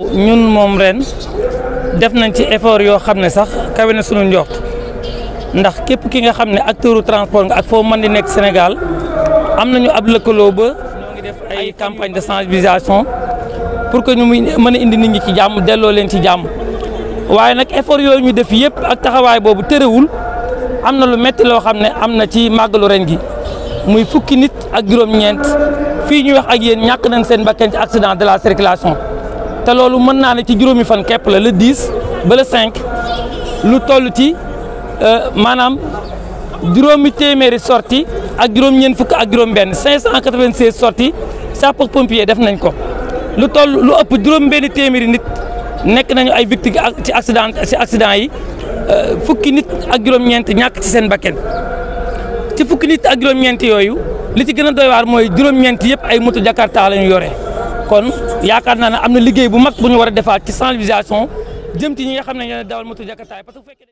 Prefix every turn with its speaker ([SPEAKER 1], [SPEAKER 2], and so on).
[SPEAKER 1] waaw ñun moom ren def nañ ci effort yoo xam ne sax kawe na sunu njort ndax képp ki nga xam ne acteuru transport nga ak foo mën di nekk Sénégal am nañu ab lëkkaloo ba def ay campagne de sensibilisation pour que ñu muy mën a indi nit ñi ci jàmm delloo leen ci jàmm waaye nag effort yooyu ñu def yëpp ak taxawaay boobu tërëwul am na lu metti loo xam ne am na ci màggalu ren gi muy fukki nit ak juróom-ñeent fii ñu wax ak yéen ñàkk nañ seen bakkan ci accident de la circulation te loolu mën naa ne ci juróomi fan kepp la le 10 ba le lu toll ci euh, maanaam juróomi téeméeri sorti ak juróom-ñeent fukk ak juróom-benn 596 sorti sapeur pompier def nañ ko lu toll lu ëpp juróom-benn téeméeri nit nekk nañu ay victimes ci accident si accident yi euh, fukki nit ak juróom-ñeent ñàkk ci seen bakken ci fukki nit ak juróom-ñeent yooyu li ci gën a doy waar mooy juróom-ñeent yëpp ay moto jakarta la ñu yore. kon yaakaar naa ne am na liggéey bu mag bu ñu war a defaat ci sensibilisation jëm ci ñi nga xam na ñoo dawal moto jakartaay parce que